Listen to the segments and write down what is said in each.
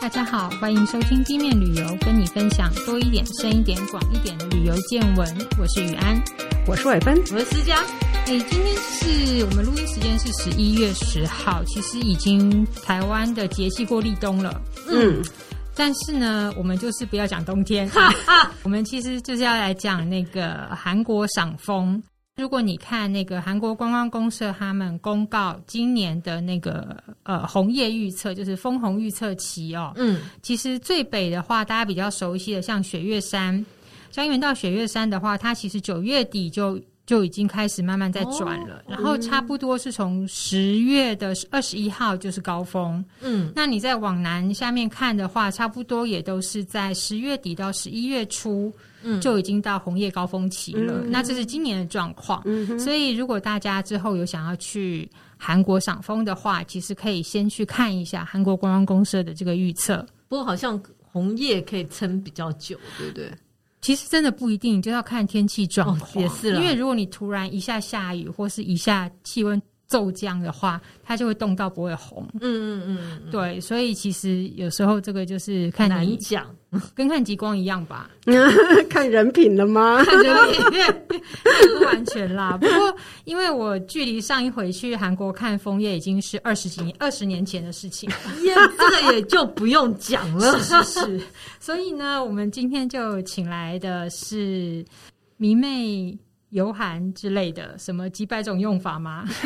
大家好，歡迎收聽 B 面旅遊，跟你分享多一點、深一點、廣一點的旅遊見聞。我是雨安，我是偉芬，我是思佳。哎，今天是我們錄音時間是十一月十號，其實已經台灣的節氣過立冬了。嗯，但是呢，我們就是不要講冬天，哈哈，我們其實就是要來講那個韓國賞楓。如果你看那個韓國觀光公社他們公告，今年的那個呃紅葉預測，就是楓紅預測期哦、喔，嗯，其實最北的話，大家比較熟悉的像雪嶽山，江原道雪嶽山的話，它其實九月底就。就已經開始慢慢在轉了，哦嗯、然後差不多是從十月的二十一號就是高峰，嗯，那你再往南下面看的話，差不多也都是在十月底到十一月初，就已經到紅葉高峰期了。嗯嗯、那這是今年的狀況，嗯、哼所以如果大家之後有想要去韓國賞楓的話，其實可以先去看一下韓國觀光公社的這個預測。不過好像紅葉可以撐比較久，對不對？其實真的不一定，你就要看天氣狀況。哦，也是了。因為如果你突然一下下雨，或是一下氣溫，驟降的話，它就會凍到不會紅。嗯，嗯嗯嗯，對，所以其實有時候這個就是看難講，跟，你 跟看極光一樣吧。 看人品了嗎？ 看人品，不完全啦。不過因為我距離上一回去韓國看楓葉已經是二十幾年、 二十年前的事情，yeah, 這個也就不用講了。 是是是。所以呢，我們今天就請來的是迷妹。遊韓之類的，什麼幾百種用法嗎？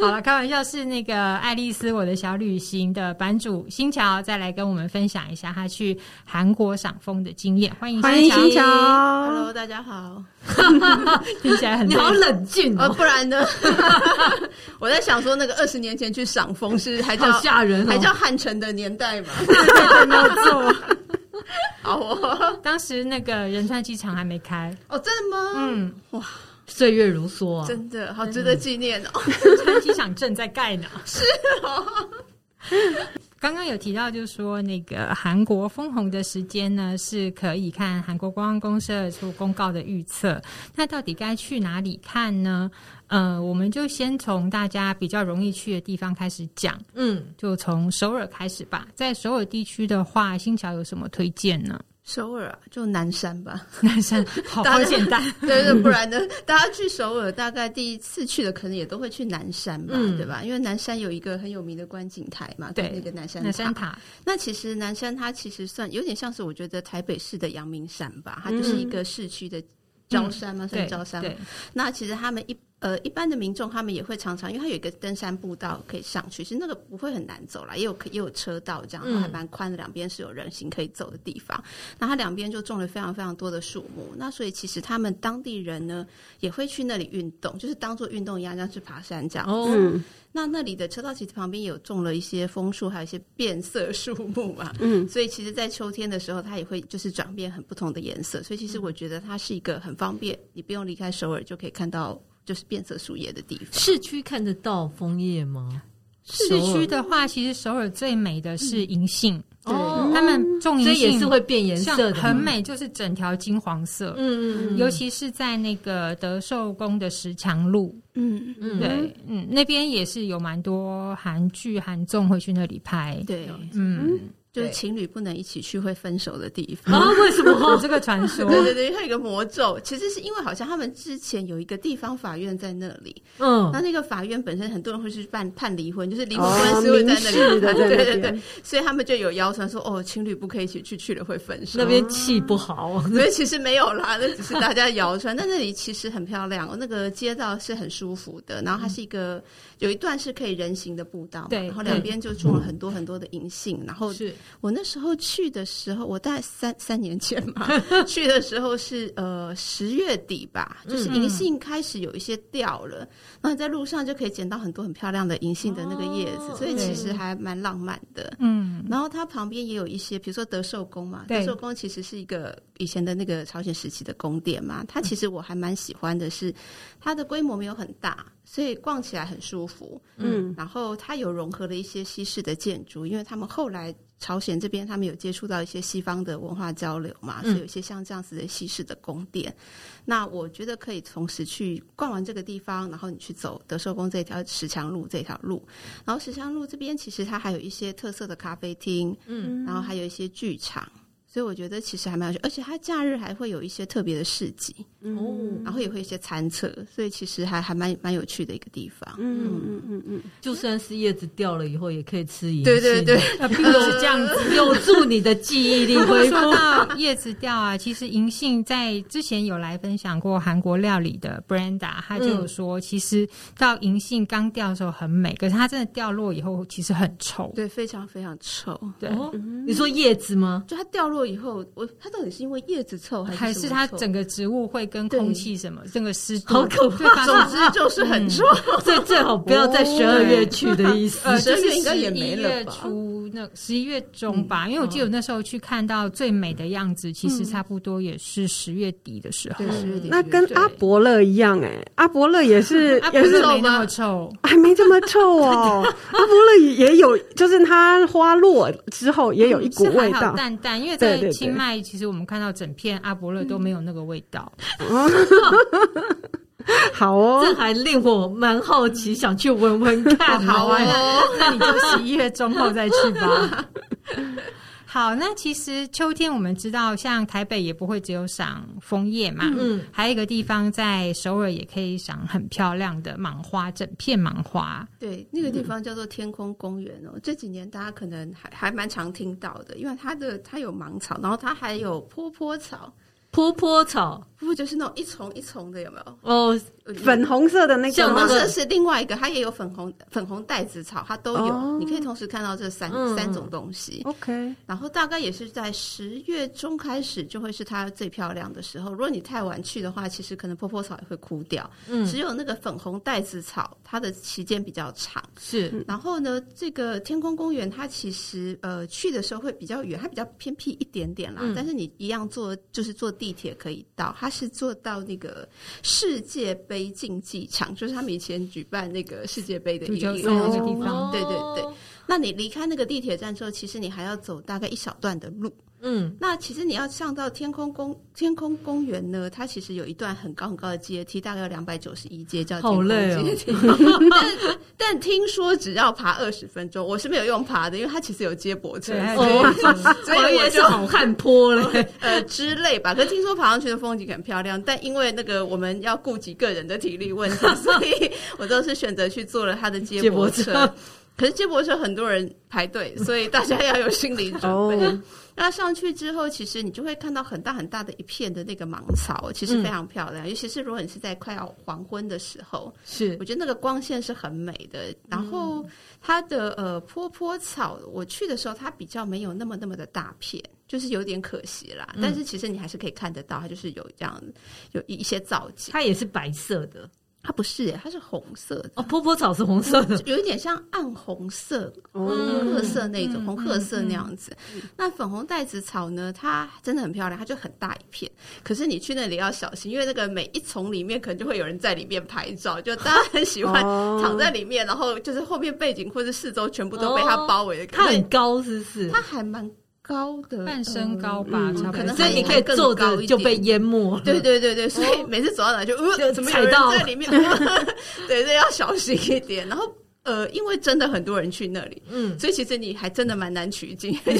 好了，開玩笑，是那個《艾莉絲我的小旅行》的版主欣喬，再來跟我們分享一下她去韓國賞楓的經驗。歡迎，歡迎欣喬，Hello，大家好， 聽起來很你好冷靜、 啊，不然呢？我在想說，那個二十年前去賞楓是還叫嚇 人、哦，還叫漢城的年代嘛？沒有錯。哦，當時那個仁川機場還沒開哦，真的嗎？嗯，哇，歲月如梭、啊，真的好值得紀念哦。的 仁川機場正在蓋呢，是哦。剛剛 有提到就是，就說那個韓國楓紅的時間呢，是可以看韓國觀光公社的出公告的預測，那到底該去哪裡看呢？呃，我們就先從大家比較容易去的地方開始講，嗯，就從首爾開始吧。在首爾地區的話，欣喬有什麼推薦呢？首爾啊，就南山吧。南山好簡單， 對，對，對，不然呢？大家去首爾，大概第一次去的，可能也都會去南山嘛，嗯、對吧？因為南山有一個很有名的觀景台嘛，對，那個南山南山塔。那其實南山它其實算有點像是我覺得台北市的陽明山吧，它就是一個市區的郊山嘛，算郊、嗯、山。對，對那其實他們一。呃，一般的民眾他們也會常常，因為它有一個登山步道可以上去，其實那個不會很難走啦，也有也有車道這樣，然後還蠻寬的，兩邊是有人行可以走的地方。嗯、那它兩邊就種了非常非常多的樹木，那所以其實他們當地人呢也會去那裡運動，就是當作運動一樣，這樣去爬山這樣。哦、嗯，那那裡的車道其實旁邊有種了一些楓樹，還有一些變色樹木嘛，嗯，所以其實在秋天的時候，它也會就是轉變很不同的顏色。所以其實我覺得它是一個很方便，你不用離開首爾就可以看到。就是變色樹葉的地方。市區看得到楓葉嗎？首爾。市區的話，其實首爾最美的是銀杏，嗯、他們種銀杏、嗯、是會變顏色的，很美，嗯、就是整條金黃色。嗯，嗯嗯，尤其是在那個德壽宮的石牆路，嗯，嗯嗯，對，嗯，那邊也是有蠻多韓劇韓綜會去那裡拍。對，嗯。嗯就是情侶不能一起去會分手的地方，啊，為什麼有這個傳說？對對對，它有一個魔咒。其實是因為好像他們之前有一個地方法院在那裡，嗯，那那個法院本身很多人會去辦判離婚，就是離婚官司會在那裡。對對對對對，所以他們就有謠傳說，哦，情侶不可以一起去，去了會分手。那邊氣不好，所以其實沒有啦，那只是大家謠傳。但那裡其實很漂亮，那個街道是很舒服的，然後它是一個有一段是可以人行的步道，對，然後兩邊就種了很多很多的銀杏，然後是。我那時候去的時候，我大概三三年前嘛， 去的時候是呃十月底吧，就是銀杏開始有一些掉了，嗯、然後在路上就可以撿到很多很漂亮的銀杏的那個葉子，哦、所以其實還蠻浪漫的。嗯，然後它旁邊也有一些，比如說德壽宮嘛，對德壽宮其實是一個以前的那個朝鮮時期的宮殿嘛，它其實我還蠻喜歡的是，是它的規模沒有很大，所以逛起來很舒服。嗯，然後它有融合了一些西式的建築，因為他們後來。朝鮮這邊他們有接觸到一些西方的文化交流嘛，所以有一些像這樣子的西式的宮殿。嗯，那我覺得可以同時去逛完這個地方，然後你去走德壽宮這一條石牆路這條路，然後石牆路這邊其實它還有一些特色的咖啡廳，嗯，然後還有一些劇場。所以我覺得其實還蠻有趣，而且它假日還會有一些特別的市集哦，嗯、然後也會有一些餐車，所以其實還還蠻蠻有趣的一個地方。嗯嗯嗯嗯，嗯就算是葉子掉了以後也可以吃銀杏，對對對，並不是這樣子，有、呃、助你的記憶力恢復。到葉子掉啊，其實銀杏在之前有來分享過韓國料理的 Brenda 她就有說，其實到銀杏剛掉的時候很美，可是它真的掉落以後其實很臭，對，非常非常臭。對、哦，你說葉子嗎？就它掉落。以後我它到底是因為葉子臭還是還是它整個植物會跟空氣什麼整個濕度好可怕，總之就是很臭。所以最好不要在十二月去的意思，就是應該也沒了十一月初那十一月中吧，因為我記得我那時候去看到最美的樣子，其實差不多也是十月底的時候。那跟阿伯樂一樣哎，阿伯樂也是也是沒那麼臭，還沒這麼臭哦。阿伯樂也也有，就是它花落之後也有一股味道，淡淡因為。對清邁，其實我們看到整片阿勃勒都沒有那個味道。好哦，這還令我蠻好奇，嗯、想去聞聞看好、欸。 好哦， 那你就十一月中後再去吧。 好，那其實秋天我們知道，像台北也不會只有賞楓葉嘛，嗯，還有一個地方在首爾也可以賞很漂亮的芒花，整片芒花。對，那個地方叫做天空公園哦、喔，嗯、這幾年大家可能還還蠻常聽到的，因為它的、這個、它有芒草，然後它還有波波草，波波草不就是那種一叢一叢的有沒有？哦。Oh. 粉紅色的那個，粉紅色是另外一個，它也有粉紅粉紅帶子草，它都有，oh, 你可以同時看到這三、嗯、三種東西。OK，然後大概也是在十月中開始就會是它最漂亮的時候。如果你太晚去的話，其實可能波波草也會枯掉。嗯、只有那個粉紅帶子草，它的時間比較長。是，嗯、然後呢，這個天空公園它其實呃去的時候會比較遠，它比較偏僻一點點啦。嗯、但是你一樣坐就是坐地鐵可以到，它是坐到那個世界杯。競技場就是他們以前舉辦那個世界盃的一個一個地方，對對對。Oh. 那你離開那個地鐵站之後，其實你還要走大概一小段的路。嗯，那其實你要上到天空公天空公園呢，它其實有一段很高很高的階梯，大概有兩百九十一階，叫好累哦。但。但但聽說只要爬二十分鐘，我是沒有用爬的，因為它其實有接駁車，嗯哦、所以我也就是好看坡好漢坡了呃之類吧。可是聽說爬上去的風景很漂亮，但因為那個我們要顧及個人的體力問題，所以我都是選擇去坐了它的接駁車。可是接駁車很多人排隊，所以大家要有心理準備。那、 哦、上去之後，其實你就會看到很大很大的一片的那個芒草，其實非常漂亮。嗯、尤其是如果你是在快要黃昏的時候，是我覺得那個光線是很美的。嗯、然後它的呃坡坡草，我去的時候它比較沒有那麼那麼的大片，就是有點可惜啦。但是其實你還是可以看得到，它就是有這樣有一些造景，它也是白色的。它不是，欸，它是紅色的。哦，波波草是紅色的，嗯、有一點像暗紅色，紅、嗯、褐色那種，紅褐色那樣子。嗯嗯嗯、那粉紅帶子草呢？它真的很漂亮，它就很大一片。可是你去那裡要小心，因為那個每一叢裡面可能就會有人在裡面拍照，就大家很喜歡躺在裡面，哦、然後就是後面背景或者四周全部都被它包圍的。看，哦。很高，是不是？它還蠻。高的，半身高吧，差不多，所以你可以更高一點就被淹沒了。對對對對，所以每次走到哪就呃，怎麼有人在裡面？對，所以要小心一點。然後，呃，因為真的很多人去那裡，嗯，所以其實你還真的蠻難取景，因為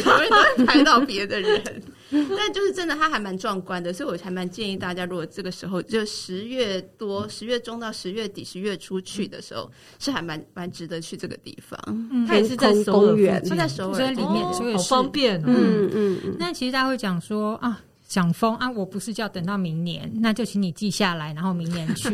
拍到別的人。 但就是真的，它還蠻壯觀的，所以我還蠻建議大家，如果這個時候就十月多、十月中到十月底、十月出去的時候，是還蠻蠻值得去這個地方。它、嗯、也是在首爾，它在首爾，就在裡面，所以、好、方便、哦。嗯、哦、嗯。嗯嗯那其實大家會講說啊。賞楓啊，我不是叫等到明年，那就請你記下來，然後明年去。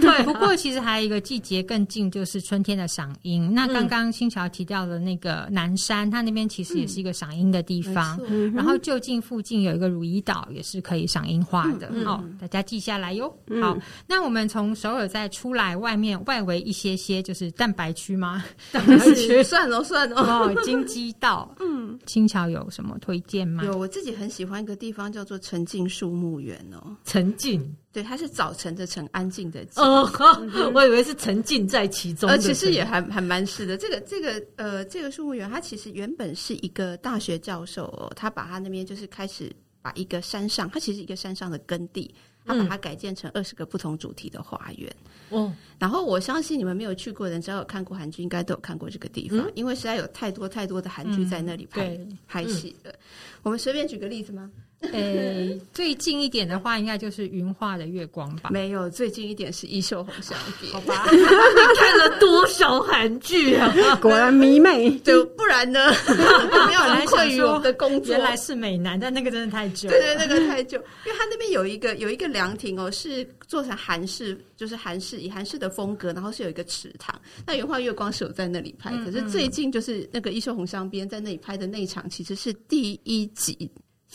對，不過其實還有一個季節更近，就是春天的賞櫻。那剛剛欣喬提到的那個南山，它那邊其實也是一個賞櫻的地方。然後就近附近有一個汝矣島，也是可以賞櫻花的。哦，大家記下來喲。好，那我們從首爾再出來，外面外圍一些些就是蛋白區嗎？蛋白區，算了算了，哦，京畿道。嗯，欣喬有什麼推薦嗎？有，我自己很喜歡一個地方叫做。沉靜樹木園哦，晨靜對，它是早晨的“晨”，安靜的“靜”哦。哦，我以為是沉浸在其中的。呃，其實也還還蠻似的。這個這個呃，這個樹木園，它其實原本是一個大學教授、喔，哦，他把他那邊就是開始把一個山上，它其實一個山上的耕地，他把它改建成二十個不同主題的花園。哦、嗯，然後我相信你們沒有去過的人，只要有看過韓劇，應該都有看過這個地方，嗯、因為實在有太多太多的韓劇在那裡拍、嗯、拍戲的。嗯、我們隨便舉個例子嗎？誒、 欸，最近一點的話，應該就是《雲畫的月光》吧？沒有，最近一點是《衣袖紅鑲邊》好吧， 你看了多少韓劇啊？果然迷妹。 就不然呢？沒有來困於的工作，來原來是美男，但那個真的太久了。對，對對，那個太久， 因為他那邊有一個有一個涼亭哦、喔，是做成韓式，就是韓式以韓式的風格，然後是有一個池塘。那《雲畫月光》是有在那裡拍，嗯嗯，可是最近就是那個《衣袖紅鑲邊》在那裡拍的那場，其實是第一集。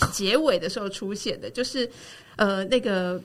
結尾的時候出現的，就是呃，那個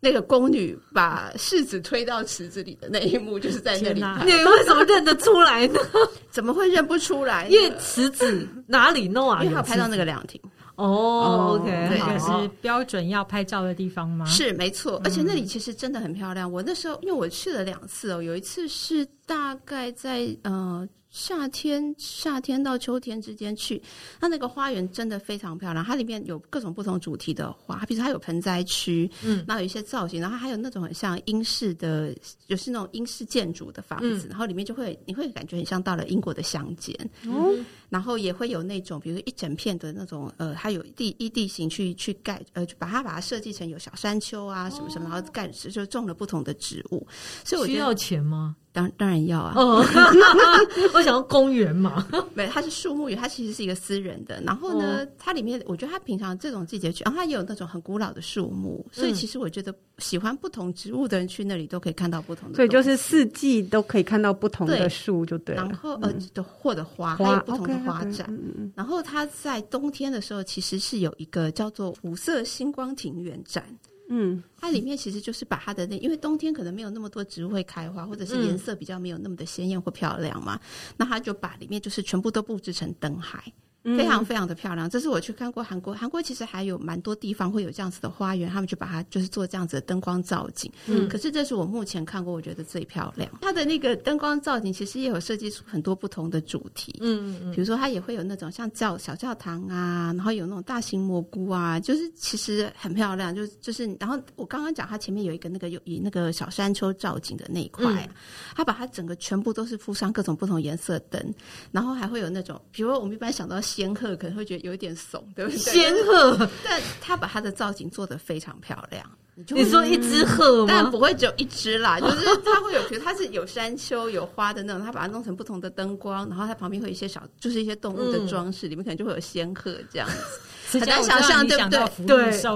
那個宮女把世子推到池子裡的那一幕，就是在那裡。啊、你為什麼認得出來呢？ 怎麼會認不出來？因為池子哪裡弄啊？因為他拍到那個涼亭哦,哦，OK，對是標準要拍照的地方嗎？是沒錯，嗯、而且那裡其實真的很漂亮。我那時候因為我去了兩次哦，有一次是大概在呃。夏天，夏天到秋天之間去，那那個花園真的非常漂亮。它裡面有各種不同主題的花，比如它有盆栽區，嗯，然後有一些造型，然後還有那種很像英式的，就是那種英式建築的房子，嗯、然後裡面就會，你會感覺很像到了英國的鄉間。哦、嗯，然後也會有那種，比如說一整片的那種，呃，它有一地，一地形去去蓋，呃，就把它把它設計成有小山丘啊，什麼什麼，哦、然後蓋就種了不同的植物。所以我需要錢嗎？當當然要啊！ 我想要公園嘛， 沒，它是樹木園，它其實是一個私人的。然後呢，哦、它裡面我覺得它平常這種季節去，然後它也有那種很古老的樹木，所以其實我覺得喜歡不同植物的人去那裡都可以看到不同的。所以就是四季都可以看到不同的樹，就對。然後呃的、嗯、或者花，還有不同的花展。花 okay, okay, okay, 嗯、然後它在冬天的時候其實是有一個叫做五色星光庭園展。嗯，它裡面其實就是把它的那，因為冬天可能沒有那麼多植物會開花，或者是顏色比較沒有那麼的鮮艷或漂亮嘛，那它就把裡面就是全部都布置成燈海。非常非常的漂亮，嗯、這是我去看過韓國。韓國其實還有蠻多地方會有這樣子的花園，他們就把它就是做這樣子的燈光造景。嗯，可是這是我目前看過我覺得最漂亮。它的那個燈光造景其實也有設計出很多不同的主題。嗯嗯，比如說它也會有那種像教小教堂啊，然後有那種大型蘑菇啊，就是其實很漂亮。就就是，然後我剛剛講它前面有一個那個有以那個小山丘造景的那一塊、啊，嗯、它把它整個全部都是鋪上各種不同顏色的燈，然後還會有那種，比如說我們一般想到。仙鶴可能會覺得有一點慫，對不對？仙鶴、就是，但他把他的造型做得非常漂亮。你，你說一隻鶴嗎、嗯？但不會只有一隻啦，就是它會有，其實它是有山丘、有花的那種，它把它弄成不同的燈光，然後它旁邊會有一些小，就是一些動物的裝飾，嗯、裡面可能就會有仙鶴這樣子。 很難想象，對不對？對，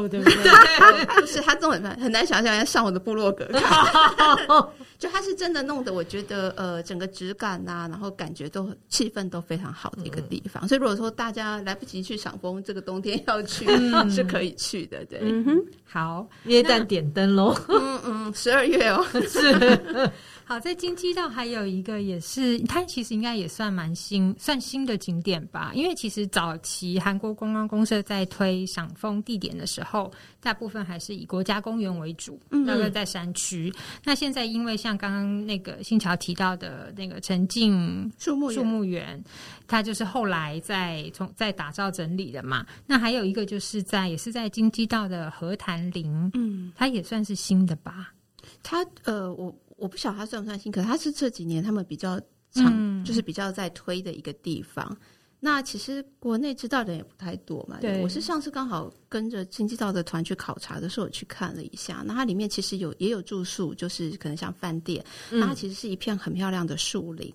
對，不是他這種很很難想象，要上我的部落格。就他是真的弄得，我覺得呃，整個質感啊，然後感覺都氣氛都非常好的一個地方。嗯、所以如果說大家來不及去賞楓，這個冬天要去、嗯、是可以去的。對，嗯、哼好耶誕點燈囉。嗯嗯，十二月哦是。 哦、在京畿道還有一個，也是它其實應該也算蠻新，算新的景點吧。因為其實早期韓國觀光公社在推賞楓地點的時候，大部分還是以國家公園為主，那個在山區。嗯、那現在因為像剛剛那個欣喬提到的那個晨靜樹木樹木園，它就是後來在從在打造整理的嘛。那還有一個就是在也是在京畿道的河潭林，嗯，它也算是新的吧。它呃，我。我不曉得他算不算新，可是他是這幾年他們比較常、嗯、就是比較在推的一個地方。那其實國內知道的人也不太多嘛。對，我是上次剛好跟着京畿道的團去考察的時候，我去看了一下。那它裡面其實有也有住宿，就是可能像飯店。嗯、那它其實是一片很漂亮的樹林，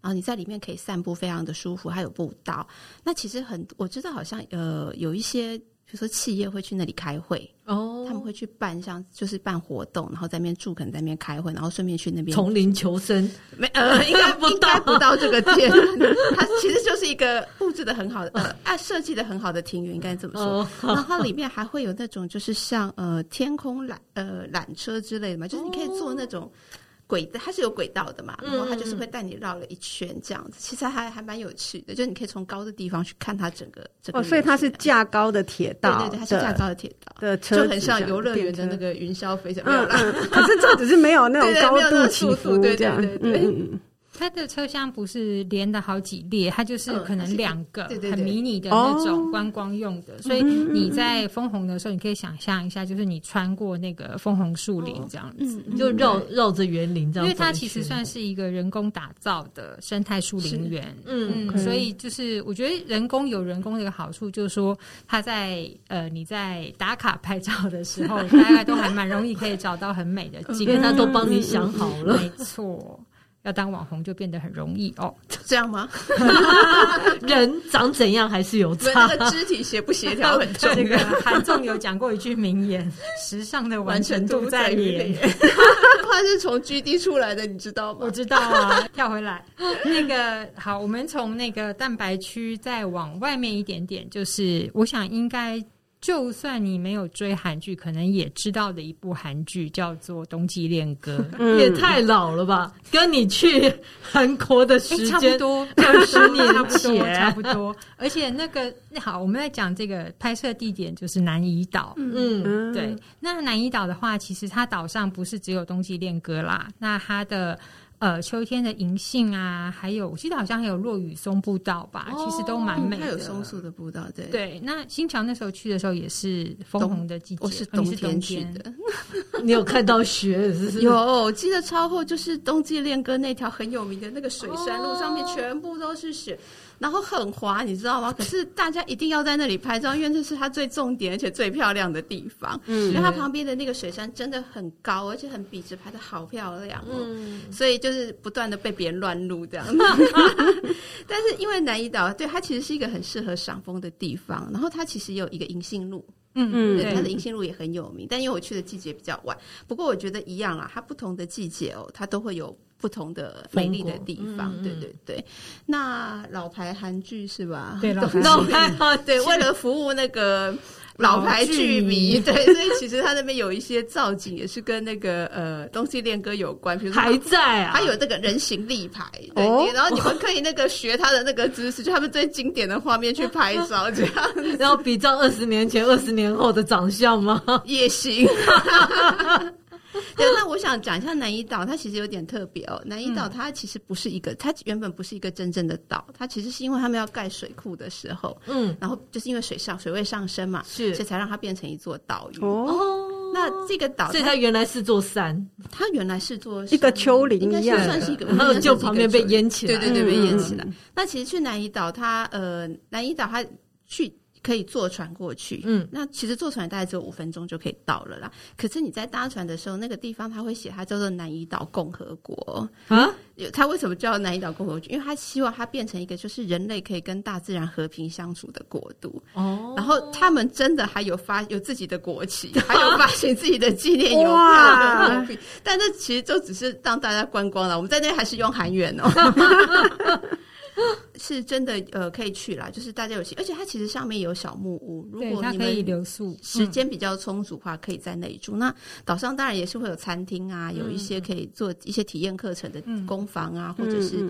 然後你在裡面可以散步，非常的舒服，還有步道。那其實很我知道，好像呃有一些。就說企業會去那裡開會哦，oh. 他們會去辦像就是辦活動，然後在那邊住，可能在那邊開會，然後順便去那邊叢林求生。沒，呃、應該 到應該不到這個店。 它其實就是一個布置的很好的、設計、oh. 呃、的很好的庭院，應該怎麼說。Oh. 然後它裡面還會有那種就是像呃天空纜呃纜車之類的嘛，就是你可以坐那種。Oh. 軌它是有軌道的嘛，然後它就是會帶你繞了一圈這樣子，嗯，其實還還蠻有趣的，就是你可以從高的地方去看它整個，整個。哦，所以是它是架高的鐵道，對對對，它是架高的鐵道，對，就很像遊樂園的那個雲霄飛車了。嗯，可是這只是沒有那種高度起伏，對對對，嗯嗯。它的車廂不是連的好幾列，它就是可能兩個很迷你的那種觀光用的，所以你在楓紅的時候，你可以想象一下，就是你穿過那個楓紅樹林這樣子，哦嗯嗯、就繞繞着園林這樣。因為它其實算是一個人工打造的生態樹林園，嗯，嗯 okay 所以就是我覺得人工有人工的一個好處，就是說他在呃你在打卡拍照的時候， 大概都還蠻容易可以找到很美的機，嗯、幾個人都幫你想好了，嗯嗯嗯嗯嗯嗯、沒錯。要當網紅就變得很容易哦，這樣嗎？ 人長怎樣還是有差，那個肢體協不協調很重要。韓總有講過一句名言：“時尚的完成度在臉。”他是從 GD 出來的，你知道嗎？我知道啊。跳回來， 那個好，我們從那個蛋白區再往外面一點點，就是我想應該。就算你沒有追韓劇，可能也知道的一部韓劇叫做《冬季戀歌》， 也太老了吧！ 跟你去韓國的時間多二十年前，差不多。而且那個那好，我們來講這個拍攝地點就是南怡島。嗯，嗯，嗯對，那南怡島的話，其實它島上不是只有《冬季戀歌》啦，那它的。呃，秋天的銀杏啊，還有我記得好像還有落羽松步道吧，哦、其實都蠻美的。它有松樹的步道，對對。那新橋那時候去的時候也是楓紅的季節，我、哦是，哦、是冬天去的， 你有看到雪是不是？有，我記得超厚，就是冬季戀歌那條很有名的那個水杉路上面全部都是雪。哦然後很滑，你知道嗎？可是大家一定要在那裡拍照， 因為那是它最重點而且最漂亮的地方。嗯，因為它旁邊的那個雪山真的很高，而且很筆直，拍的好漂亮哦。嗯，所以就是不斷的被別人亂錄這樣。 但是因為南怡島，對，它其實是一個很適合賞楓的地方，然後它其實有一個銀杏路。嗯嗯，它的銀杏路也很有名，嗯、但因為我去的季節比較晚，不過我覺得一樣啦，它不同的季節哦、喔，它都會有不同的美麗的地方，果對對對。嗯嗯，那老牌韓劇是吧？對，老牌啊， 對，為了服務那個。老牌劇迷、哦、迷， 對，所以其實他那邊有一些造景也是跟那個呃《東西練歌》有關，如說還在啊，他有這個人形立牌、哦對，對。然後你們可以那個學他的那個姿勢，哇就他們最經典的畫面去拍照，這樣子，然後比照二十年前、二十 年後的長相嗎？也行。哈哈哈。對，那我想講一下南怡島，它其實有點特別哦。南怡島它其實不是一個，它原本不是一個真正的島，它其實是因為他們要蓋水庫的時候，嗯，然後就是因為水上水位上升嘛，是，所以才讓它變成一座島嶼。哦，那這個島，所以它原來是座山，它原來是座一個丘陵，應該算是一個，然後就旁邊被淹起來，對對對，被淹起來。那其實去南怡島，它呃，南怡島它去。可以坐船過去，嗯，那其實坐船大概只有五分鐘就可以到了啦。可是你在搭船的時候，那個地方他會寫，它叫做南怡島共和國啊。他為什麼叫南怡島共和國？因為他希望它變成一個就是人類可以跟大自然和平相處的國度哦。然後他們真的還有發有自己的國旗，啊、還有發行自己的紀念郵票的哇但這其實就只是讓大家觀光了。我們在那邊還是用韓元哦。 是真的，呃，可以去啦。就是大家有心，而且它其實上面有小木屋，如果你可以留宿時間比較充足的話，可以在那裡住。那島上當然也是會有餐廳啊，有一些可以做一些體驗課程的工坊啊，或者是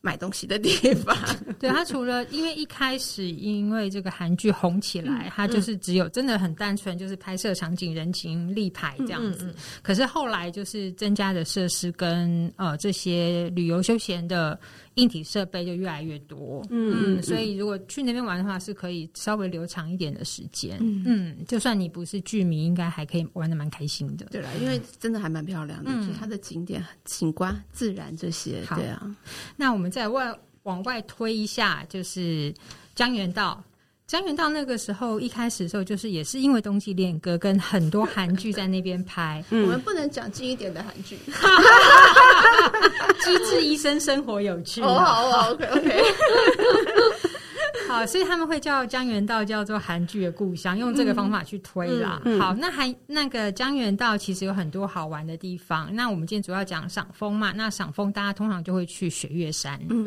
買東西的地方。對，它除了因為一開始因為這個韓劇紅起來，它就是只有真的很單純，就是拍攝場景、人形立牌這樣子。可是後來就是增加的設施跟呃這些旅遊休閒的。硬體設備就越來越多，嗯，嗯，所以如果去那邊玩的話，是可以稍微留長一點的時間，嗯，嗯，就算你不是劇迷，應該還可以玩得蠻開心的。對了，因為真的還蠻漂亮的，就、嗯、它的景點、景觀、自然這些，好對啊。那我們再外往外推一下，就是江原道，江原道那個時候一開始的時候，就是也是因為冬季戀歌跟很多韓劇在那邊拍。嗯，我們不能講近一點的韓劇，《機智醫生生活有趣》。好好，OK，OK。哦、所以他們會叫江原道叫做韓劇的故鄉，用這個方法去推啦、啊。嗯嗯、好，那還那個江原道其實有很多好玩的地方。那我們今天主要講賞楓嘛，那賞楓大家通常就會去雪嶽山。嗯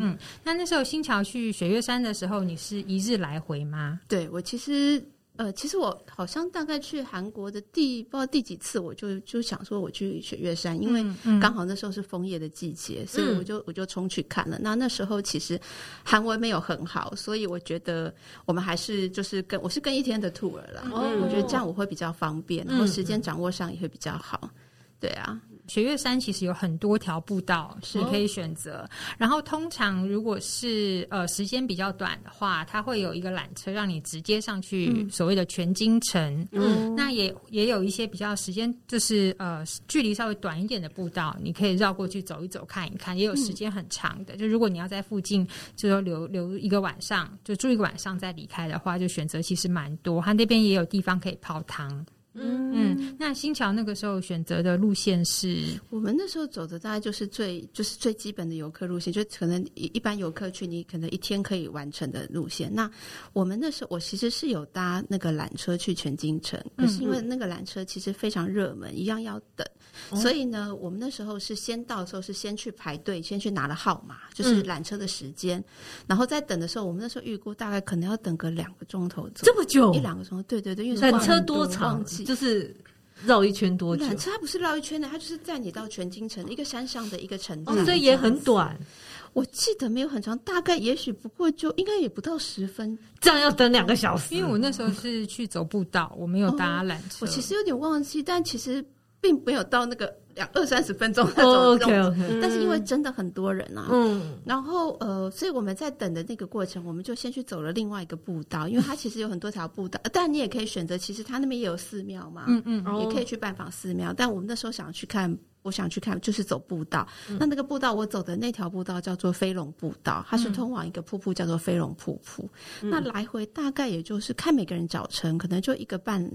嗯那、嗯、那時候欣喬去雪嶽山的時候，你是一日來回嗎？對，我其實。呃，其實我好像大概去韓國的第不知道第幾次，我就就想說我去雪岳山，因為剛好那時候是楓葉的季節，嗯、所以我就我就衝去看了。那、嗯、那時候其實韓文沒有很好，所以我覺得我們還是就是跟我是跟一天的 tour 啦，了、哦，我覺得這樣我會比較方便，嗯、然後時間掌握上也會比較好。對啊，雪嶽山其實有很多條步道是可以選擇。Oh. 然後通常如果是呃時間比較短的話，它會有一個纜車讓你直接上去，嗯、所謂的全京城。嗯，那也也有一些比較時間就是呃距離稍微短一點的步道，你可以繞過去走一走看一看。也有時間很長的，嗯、就如果你要在附近就說留留一個晚上，就住一個晚上再離開的話，就選擇其實蠻多。它那邊也有地方可以泡湯。嗯，嗯，那欣喬那個時候選擇的路線是，我們那時候走的大概就是最就是最基本的遊客路線，就可能一般遊客去你可能一天可以完成的路線。那我們那時候我其實是有搭那個纜車去全京城，可是因為那個纜車其實非常熱門，一樣要等。嗯嗯、所以呢，我們那時候是先到的時候是先去排隊，先去拿了號碼，就是纜車的時間。嗯、然後在等的時候，我們那時候預估大概可能要等個兩個鐘頭，這麼久一兩個鐘頭？對對對，對，纜車多長？就是繞一圈多久，纜車它不是繞一圈的，它就是載你到全京城，嗯、一個山上的一個城。哦，所以也很短。我記得沒有很長，大概也許不過，就應該也不到十分。這樣要等兩個小時，因為我那時候是去走步道，我沒有搭纜車。哦，我其實有點忘記，但其實。並沒有到那個兩二三十分鐘那種、種，oh, okay, okay. 但是因為真的很多人啊，嗯，然後呃，所以我們在等的那個過程，我們就先去走了另外一個步道，因為它其實有很多條步道，但你也可以選擇，其實它那邊也有寺廟嘛，嗯嗯，嗯哦、也可以去拜訪寺廟，但我們那時候想去看，我想去看就是走步道，嗯、那那個步道我走的那條步道叫做飛龍步道，它是通往一個瀑布叫做飛龍瀑布，嗯、那來回大概也就是看每個人腳程可能就一個半。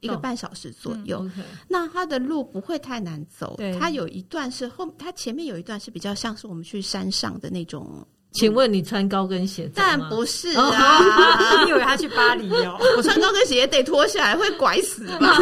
一個半小時左右，嗯 okay，那它的路不會太難走。對它有一段是後，它前面有一段是比較像是我們去山上的那種。請問你穿高跟鞋嗎？當然不是啊！哦， 你以為他去巴黎哦？喔？我穿高跟鞋也得脫下來，會拐死吧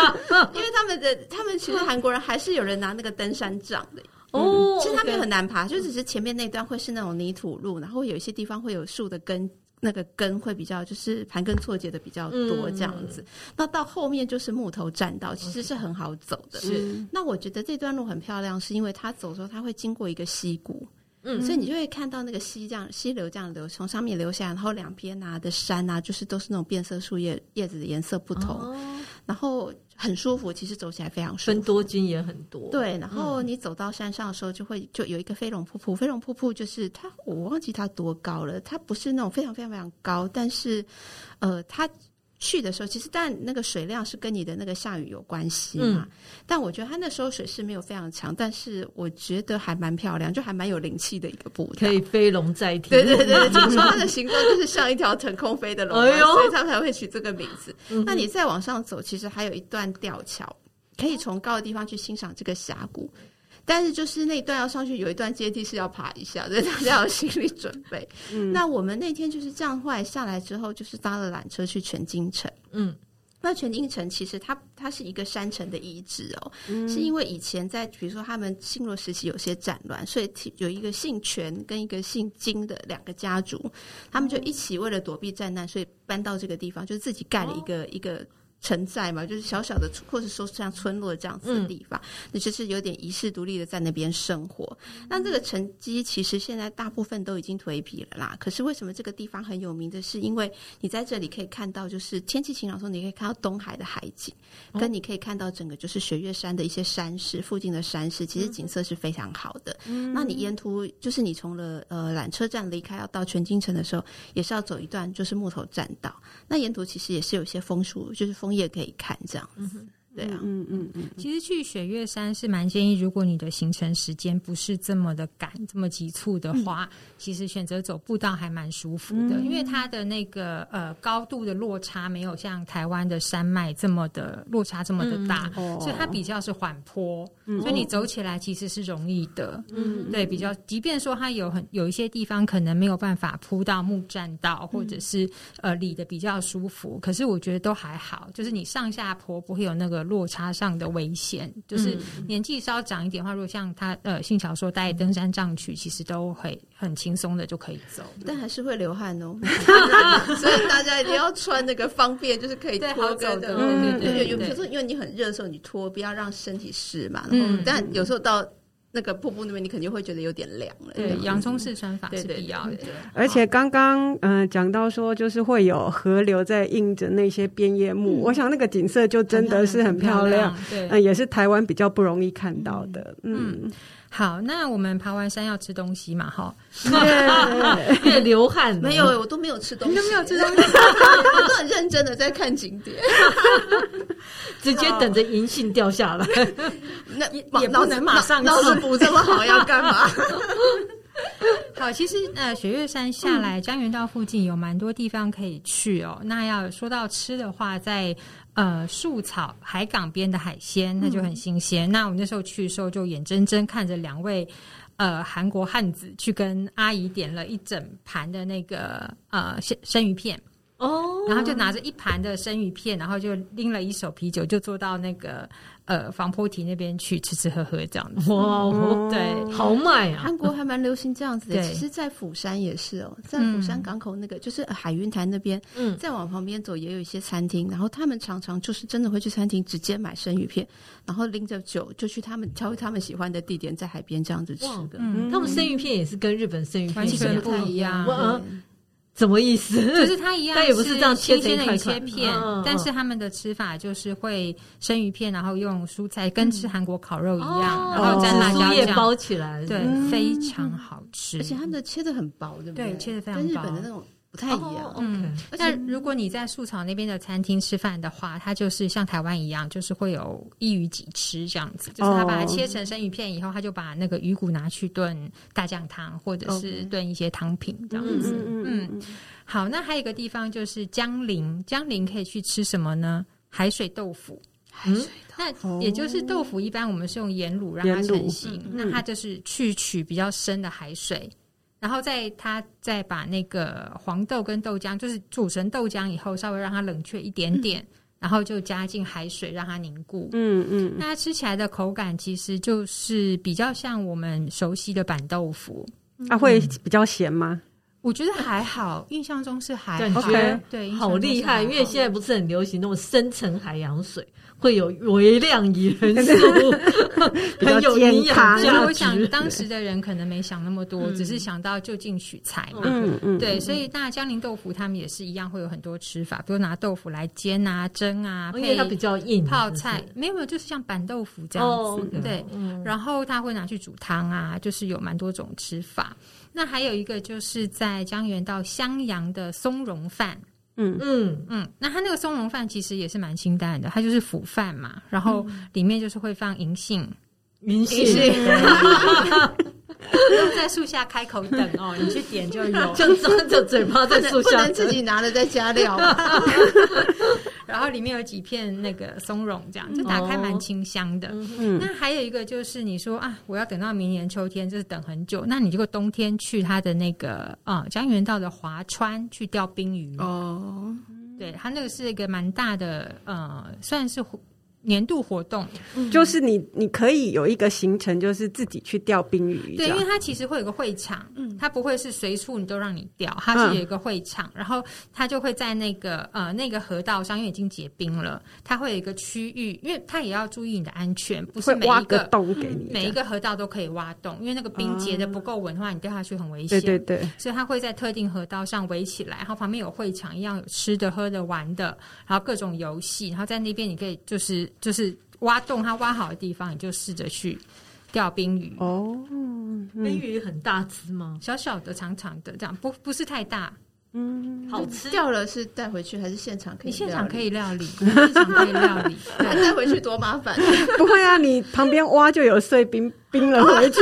因為他們的，他們其實韓國人還是有人拿那個登山杖的。哦，其實他們也很難爬，哦 okay，就只是前面那段會是那種泥土路，然後有一些地方會有樹的根。那個根會比較就是盤根錯節的比較多這樣子，嗯、那到後面就是木頭棧道，嗯、其實是很好走的。Okay, 是，是，那我覺得這段路很漂亮，是因為它走的時候，它會經過一個溪谷，嗯，所以你就會看到那個溪這樣溪流這樣流，從上面流下來，然後兩邊啊的山啊就是都是那種變色樹葉葉子的顏色不同，哦、然後。很舒服，其實走起來非常舒服。芬多精也很多。對，然後你走到山上的時候，就會就有一個飛龍瀑布。嗯、飛龍瀑布就是它，我忘記它多高了。它不是那種非常非常非常高，但是，呃，它。去的時候，其實但那個水量是跟你的那個下雨有關係嘛。嗯、但我覺得它那時候水勢沒有非常強，但是我覺得還蠻漂亮，就還蠻有靈氣的一個瀑布。可以飛龍在天龍。對，對對對，你說它的形狀就是像一條騰空飛的龍， 哎、呦所以他才會取這個名字。嗯、哼那你再往上走，其實還有一段吊橋，可以從高的地方去欣賞這個峽谷。但是就是那一段要上去，有一段階梯是要爬一下，所、就、以、是、大家要有心理準備。 嗯、那我們那天就是這樣，後來下來之後，就是搭了纜車去權金城。嗯，那權金城其實它它是一個山城的遺址哦、喔，嗯、是因為以前在比如說他們新羅時期有些戰亂，所以有一個姓權跟一個姓金的兩個家族，他們就一起為了躲避戰亂，所以搬到這個地方，就自己蓋了一個、哦、一個。城寨嘛，就是小小的，或者說像村落這樣子的地方，那、嗯、就是有點遺世獨立的在那邊生活。那這個城基其實現在大部分都已經頹圮了啦。可是為什麼這個地方很有名的是因為你在這裡可以看到，就是天氣晴朗的時候，你可以看到東海的海景，哦、跟你可以看到整個就是雪嶽山的一些山勢，附近的山勢其實景色是非常好的。嗯、那你沿途就是你從了呃纜車站離開，要到全京城的時候，也是要走一段就是木頭棧道。那沿途其實也是有一些楓樹，就是楓。也可以看這樣子。嗯對啊嗯嗯嗯，嗯嗯其實去雪嶽山是蠻建議，如果你的行程時間不是這麼的趕、這麼急促的話，嗯、其實選擇走步道還蠻舒服的，嗯、因為它的那個呃高度的落差沒有像台灣的山脈這麼的落差這麼的大，嗯、所以它比較是緩坡，嗯、所以你走起來其實是容易的。嗯，對，比較，即便說它有很有一些地方可能沒有辦法鋪到木棧道，或者是呃理得比較舒服，可是我覺得都還好，就是你上下坡不會有那個。落差上的危險，就是年紀稍長一點的話，嗯、如果像他呃，欣喬說帶登山杖去，其實都會很輕鬆的就可以走，但還是會流汗哦。 所以大家一定要穿那個方便，就是可以脫掉的。對對對。有時候因為你很熱的時候，你脫，不要讓身體濕嘛。嗯，但有時候到。那個瀑布那邊，你肯定會覺得有點涼了。對，嗯、洋蔥式穿法是必要的。而且剛剛嗯講到說，就是會有河流在映着那些邊葉木，嗯、我想那個景色就真的是很漂亮。漂亮對、呃，也是台灣比較不容易看到的。嗯。嗯嗯好，那我們爬完山要吃東西嘛？哈，也 流汗，沒有，我都沒有吃東西， 你都沒有吃東西， 我都很認真的在看景點， 直接等着銀杏掉下來。 那也不能馬上，腦補這麼好 要幹幹嘛？ 好，其實那、呃、雪嶽山下來，嗯、江原道附近有蠻多地方可以去哦。那要說到吃的話，在。呃，束草，海港邊的海鮮，那就很新鮮。嗯、那我們那時候去的時候，就眼睜睜看着兩位呃韓國漢子去跟阿姨點了一整盤的那個呃生生魚片。哦，然後就拿着一盤的生魚片，然後就拎了一手啤酒，就坐到那個呃防波堤那邊去吃吃喝喝這樣子。哇哦，對，豪邁啊！韓國還蠻流行這樣子的。其實，在釜山也是哦，在釜山港口那個就是海雲臺那邊，嗯，再往旁邊走也有一些餐廳。然後他們常常就是真的會去餐廳直接買生魚片，然後拎着酒就去他們挑他們喜歡的地點，在海邊這樣子吃的。他們生魚片也是跟日本生魚片完全不一樣。什麼意思？就是它一樣一，他也不是這樣切片的切片，哦、但是他們的吃法就是會生魚片，然後用蔬菜跟吃韓國烤肉一樣，嗯哦、然後蘸辣椒醬包起來，對，嗯、非常好吃，而且他們的切得很薄，對不對？對，切得非常薄。跟日本的那種不太一樣，oh, okay 嗯。那如果你在束草那邊的餐廳吃飯的話，嗯、它就是像台灣一樣，就是會有一魚幾吃這樣子，就是它把它切成生魚片以後，它就把那個魚骨拿去燉大醬湯，或者是燉一些湯品這樣子。嗯好，那還有一個地方就是江陵，江陵可以去吃什麼呢？海水豆腐，海水豆腐。嗯、那也就是豆腐，一般我們是用鹽滷讓它成型，乳那它就是去取比較深的海水。然後再他再把那個黃豆跟豆漿，就是煮成豆漿以後，稍微讓它冷卻一點點，嗯、然後就加進海水讓它凝固。嗯嗯，嗯那吃起來的口感其實就是比較像我們熟悉的板豆腐。它、啊嗯、會比較鹹嗎？我覺得還好，印象中是還好。對，好厲害。因為現在不是很流行那種深層海洋水，會有微量元素，很有營養。我想當時的人可能沒想那麼多，只是想到就近取材。嗯嗯，對，所以那江陵豆腐他們也是一樣，會有很多吃法，比如拿豆腐來煎啊、蒸啊，因為它比較硬，泡菜沒有，就是像板豆腐這樣子，對。然後他會拿去煮湯啊，就是有蠻多種吃法。那還有一個就是在江原道襄陽的松茸飯，嗯嗯嗯，那他那個松茸飯其實也是蠻清淡的，它就是腐飯嘛，然後裡面就是會放銀杏，銀杏，在樹下開口等 哦，你去點就有，就張着嘴巴在樹下不不自己拿了再加料。 然後裡面有幾片那個松茸，這樣就打開蠻清香的。嗯、那還有一個就是你說啊，我要等到明年秋天，就是等很久。那你這個冬天去它的那個啊、嗯、江原道的華川去釣冰魚哦，對，它那個是一個蠻大的呃，算是湖。年度活動、嗯、就是你，你可以有一個行程，就是自己去釣冰魚。對，因為它其實會有個會場，它不會是隨處你都讓你釣，它是有一個會場，嗯、然後它就會在那個呃那個河道上，因為已經結冰了，它會有一個區域，因為它也要注意你的安全，不是每一個，會挖個洞給你，每一個河道都可以挖洞，因為那個冰結的不夠穩的話，嗯、你掉下去很危險。對,對對對，所以它會在特定河道上圍起來，然後旁邊有會場一樣，有吃的、喝的、玩的，然後各種遊戲，然後在那邊你可以就是。就是挖洞，它挖好的地方，你就試着去釣冰魚哦。嗯、冰魚很大只嗎？小小的、長長的，這樣，不，不是太大。嗯，好吃。釣了是帶回去還是現場可以？現場可以料理，現場可以料理，帶回去多麻煩。 不會啊，你旁邊挖就有碎冰冰了回去。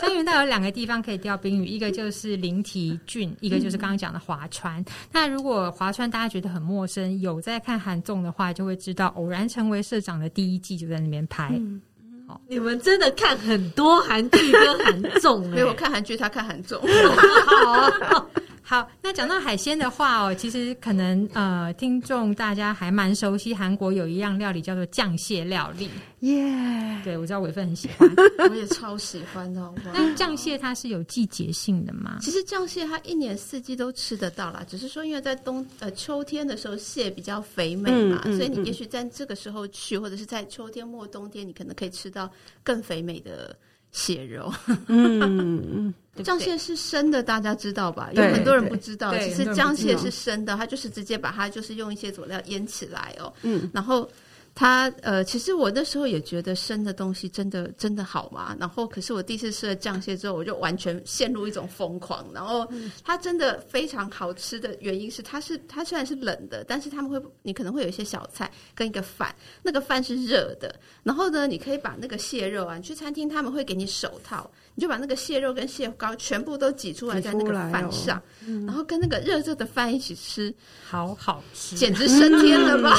江 原道有兩個地方可以釣冰魚，一個就是麟蹄郡，一個就是剛剛講的華川。嗯、那如果華川大家覺得很陌生，有在看韓綜的話，就會知道偶然成為社長的第一季就在那邊拍。嗯、好你們真的看很多韓劇跟韓綜、欸，哎， 我看韓劇，他看韓綜。 好啊好好，那講到海鮮的話哦，其實可能呃，聽眾大家還蠻熟悉韓國有一樣料理叫做醬蟹料理，耶！Yeah. 對，我知道偉奮很喜歡， 我也超喜歡哦。那醬蟹它是有季節性的嗎？其實醬蟹它一年四季都吃得到啦，只是說因為在冬呃秋天的時候，蟹比較肥美嘛，嗯嗯、所以你也許在這個時候去，或者是在秋天末冬天，你可能可以吃到更肥美的。蟹肉，嗯嗯嗯，醬蟹是生的，大家知道吧？有不很多人不知道，對對 其實醬蟹是生的，對對 它就是直接把它就是用一些佐料醃起來哦。嗯，然後。它呃、其實我那時候也覺得生的東西真的真的好嘛。然後，可是我第一次吃了醬蟹之後，我就完全陷入一種瘋狂。然後，它真的非常好吃的原因是，它是它雖然是冷的，但是他們會你可能會有一些小菜跟一個飯，那個飯是熱的。然後呢，你可以把那個蟹肉啊，你去餐廳他們會給你手套。你就把那個蟹肉跟蟹膏全部都擠出來，擠出來在那個飯上，哦嗯、然後跟那個熱熱的飯一起吃，好好吃，簡直升天了吧！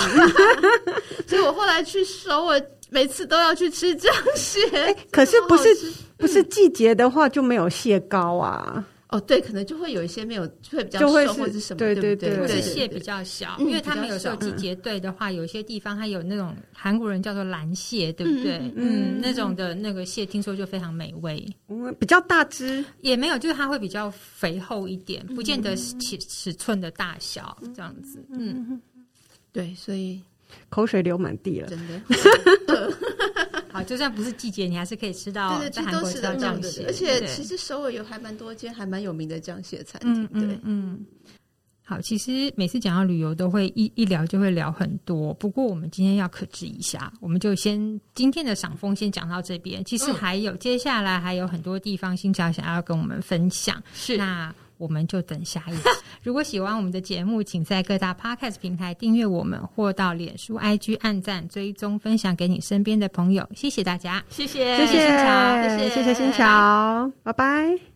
嗯、 所以我後來去收，我每次都要去吃這樣蟹。欸、好好可是不是、嗯、不是季節的話就沒有蟹膏啊。哦，對，可能就會有一些沒有，就會比較瘦，或者是什麼，對對對，或者蟹比較小，因為它沒有受季節。對的話，有一些地方它有那種韓國人叫做藍蟹，對不對？嗯，那種的那個蟹，聽說就非常美味。嗯，比較大隻也沒有，就是它會比較肥厚一點，不見得尺尺寸的大小這樣子。嗯，對，所以口水流滿地了，真的。 好，就算不是季節，你還是可以吃到。 對，多這都的醬蟹，而且其實首爾有還蠻多間還蠻有名的醬蟹餐廳。對，嗯嗯嗯。好，其實每次講到旅遊，都會一一聊就會聊很多。不過我們今天要克制一下，我們就先今天的賞楓先講到這邊。其實還有、嗯、接下來還有很多地方，欣喬想要跟我們分享。是那。 我們就等下一次。如果喜歡我們的節目，請在各大 Podcast 平台訂閱我們，或到臉書、IG 按讚追蹤，分享給你身邊的朋友。謝謝大家，謝謝，謝謝，謝謝，謝謝欣喬，拜拜。